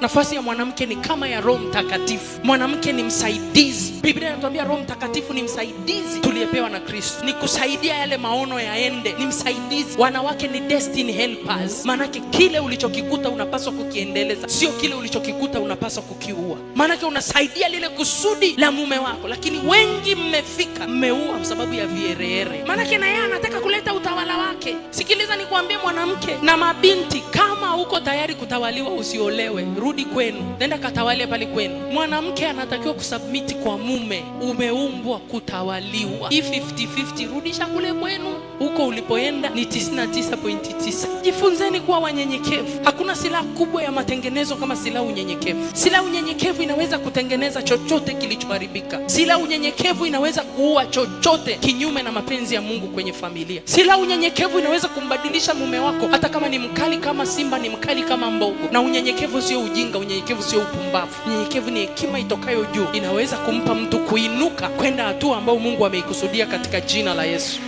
Nafasi ya mwanamke ni kama ya Roho Mtakatifu. Mwanamke ni msaidizi. Biblia inatuambia Roho Mtakatifu ni msaidizi tuliyepewa na Kristo, ni kusaidia yale maono yaende, ni msaidizi. Wanawake ni destiny helpers, maanake kile ulichokikuta unapaswa kukiendeleza, sio kile ulichokikuta unapaswa kukiua. Maanake unasaidia lile kusudi la mume wako, lakini wengi mmefika, mmeua kwa sababu ya viereere, maanake na yeye anataka kuleta utawala wake. Sikiliza nikwambie, mwanamke na mabinti hauko tayari kutawaliwa, usiolewe, rudi kwenu, nenda katawalie pale kwenu. Mwanamke anatakiwa kusubmiti kwa mume, umeumbwa kutawaliwa. Hii 50-50 rudisha kule kwenu, huko ulipoenda ni 99.9. Jifunzeni kuwa wanyenyekevu. Hakuna silaha kubwa ya matengenezo kama silaha unyenyekevu. Silaha unyenyekevu inaweza kutengeneza chochote kilichoharibika. Sila unyenyekevu inaweza kuua chochote kinyume na mapenzi ya Mungu kwenye familia. Sila unyenyekevu inaweza kumbadilisha mume wako, hata kama ni mkali kama simba, ni mkali kama mbogo. Na unyenyekevu sio ujinga, unyenyekevu sio upumbavu, unyenyekevu ni hekima itokayo juu, inaweza kumpa mtu kuinuka kwenda hatua ambayo Mungu ameikusudia katika jina la Yesu.